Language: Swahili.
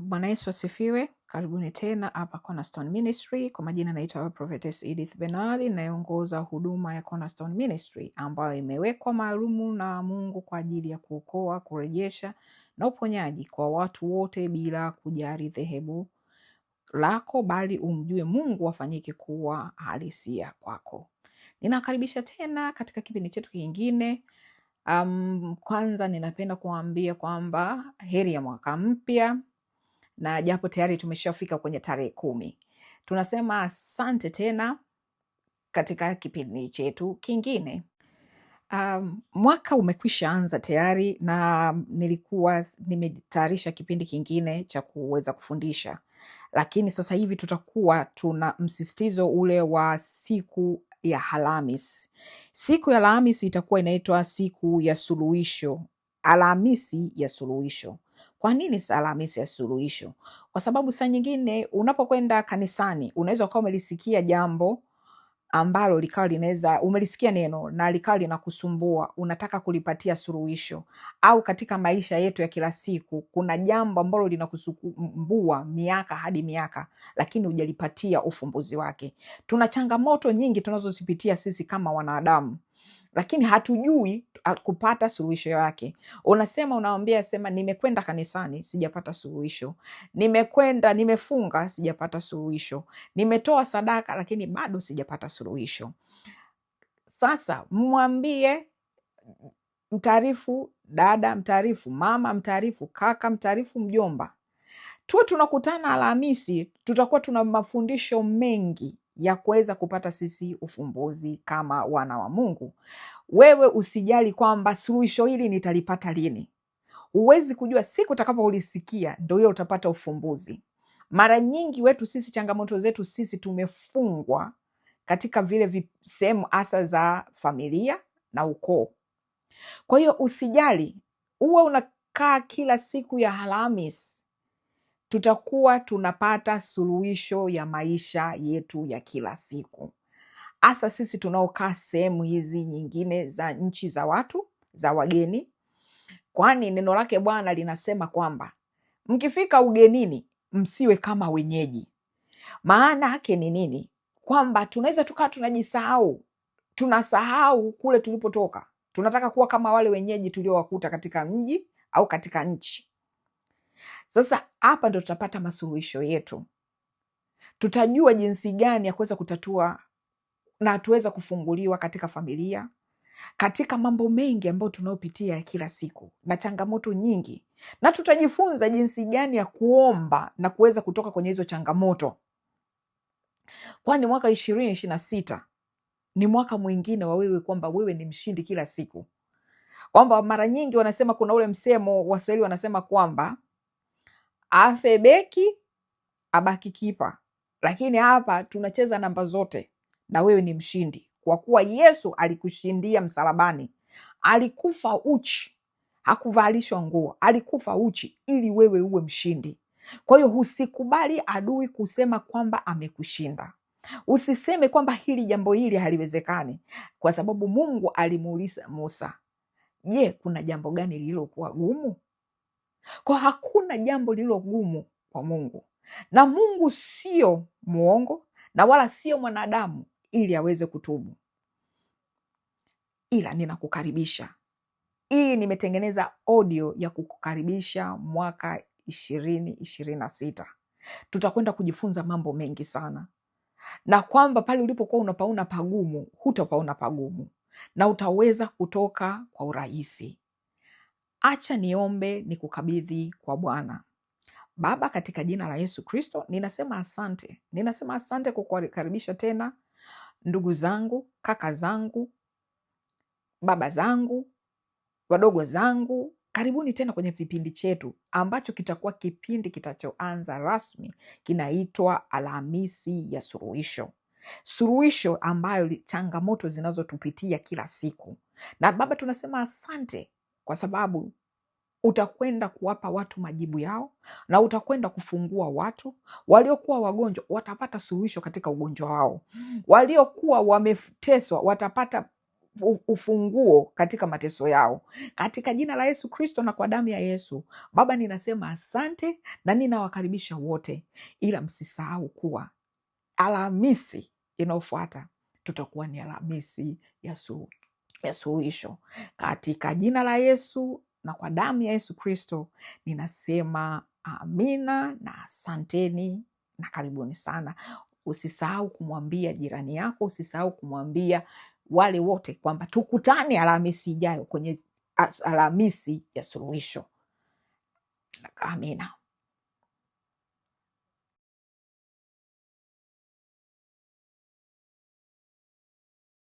Bwana Yesu asifiwe. Karibuni tena hapa Cornerstone Ministry. Kwa majina naitwa Prophetess Edith Benard, inayoongoza huduma ya Cornerstone Ministry ambayo imewekwa maalumu na Mungu kwa ajili ya kuokoa, kurejesha na uponyaji kwa watu wote bila kujali dhehebu lako, bali umjue Mungu afanyike kuwa halisia kwako. Ninakaribisha tena katika kipindi chetu kingine Um, kwanza ninapenda kuwaambia kwamba heri ya mwaka mpya, na japo tayari tumeshafika kwenye tarehe kumi, tunasema asante tena katika kipindi chetu kingine. Um, mwaka umekwisha anza tayari na nilikuwa nimetayarisha kipindi kingine cha kuweza kufundisha, lakini sasa hivi tutakuwa tuna msisitizo ule wa siku ya halamis Siku ya alhamis itakuwa inaitwa siku ya suluhisho, Alhamisi ya suluhisho. Kwa nini Alhamisi ya suluhisho? Kwa sababu saa nyingine unapokwenda kanisani unaweza ukawa umelisikia jambo ambalo likawa linaweza umelisikia neno na likawa linakusumbua, unataka kulipatia suruhisho au katika maisha yetu ya kila siku kuna jambo ambalo linakusumbua miaka hadi miaka, lakini hujalipatia ufumbuzi wake. Tuna changamoto nyingi tunazozipitia sisi kama wanadamu, lakini hatujui kupata suluhisho yake. Unasema, unawambia sema, nimekwenda kanisani sijapata suluhisho, nimekwenda nimefunga sijapata suluhisho, nimetoa sadaka lakini bado sijapata suluhisho. Sasa mwambie, mtaarifu dada, mtaarifu mama, mtaarifu kaka, mtaarifu mjomba. Tuwe tunakutana Alhamisi, tutakuwa tuna mafundisho mengi ya kuweza kupata sisi ufumbuzi kama wana wa Mungu. Wewe usijali kwamba suluhisho hili nitalipata lini. Huwezi kujua siku utakapoulisikia ndo hiyo utapata ufumbuzi. Mara nyingi wetu sisi, changamoto zetu sisi tumefungwa katika vile sehemu hasa za familia na ukoo. Kwa hiyo usijali, huwe unakaa kila siku ya halamis tutakuwa tunapata suluhisho ya maisha yetu ya kila siku hasa sisi tunaokaa sehemu hizi nyingine za nchi za watu za wageni, kwani neno lake Bwana linasema kwamba mkifika ugenini msiwe kama wenyeji. Maana yake ni nini? Kwamba tunaweza tukawa tunajisahau, tunasahau kule tulipotoka, tunataka kuwa kama wale wenyeji tuliowakuta katika mji au katika nchi. Sasa hapa ndo tutapata masuluhisho yetu, tutajua jinsi gani ya kuweza kutatua na hatuweza kufunguliwa katika familia, katika mambo mengi ambayo tunayopitia kila siku na changamoto nyingi, na tutajifunza jinsi gani ya kuomba na kuweza kutoka kwenye hizo changamoto, kwani mwaka ishirini ishiri na sita ni mwaka mwingine wa wewe kwamba wewe ni mshindi kila siku, kwamba mara nyingi wanasema kuna ule msemo Waswahili wanasema kwamba afe beki abaki kipa, lakini hapa tunacheza namba zote na wewe ni mshindi, kwa kuwa Yesu alikushindia msalabani. Alikufa uchi, hakuvalishwa nguo, alikufa uchi ili wewe uwe mshindi. Kwa hiyo husikubali adui kusema kwamba amekushinda. Usiseme kwamba hili jambo hili haliwezekani, kwa sababu Mungu alimuuliza Musa, je, kuna jambo gani lililokuwa gumu? Kwa hakuna jambo lililo gumu kwa Mungu, na Mungu sio mwongo na wala sio mwanadamu ili aweze kutubu. Ila ninakukaribisha, hii nimetengeneza audio ya kukukaribisha mwaka ishirini ishirini na sita. Tutakwenda kujifunza mambo mengi sana, na kwamba pale ulipokuwa unapauna pagumu hutapauna pagumu, na utaweza kutoka kwa urahisi. Acha niombe ni kukabidhi kwa Bwana. Baba, katika jina la Yesu Kristo ninasema asante, ninasema asante kwa kukaribisha tena ndugu zangu, kaka zangu, baba zangu, wadogo zangu, karibuni tena kwenye kipindi chetu ambacho kitakuwa kipindi kitachoanza rasmi, kinaitwa Alhamisi ya suruhisho suruhisho ambayo changamoto zinazotupitia kila siku. Na Baba tunasema asante kwa sababu utakwenda kuwapa watu majibu yao na utakwenda kufungua watu. Waliokuwa wagonjwa watapata suluhisho katika ugonjwa wao, hmm. waliokuwa wameteswa watapata ufunguo katika mateso yao, katika jina la Yesu Kristo na kwa damu ya Yesu. Baba, ninasema asante na ninawakaribisha wote, ila msisahau kuwa Alhamisi inayofuata tutakuwa ni Alhamisi ya suluhisho katika jina la Yesu na kwa damu ya Yesu Kristo ninasema amina na asanteni na karibuni sana. Usisahau kumwambia jirani yako, usisahau kumwambia wale wote kwamba tukutane Alhamisi ijayo kwenye Alhamisi ya suluhisho. Amina.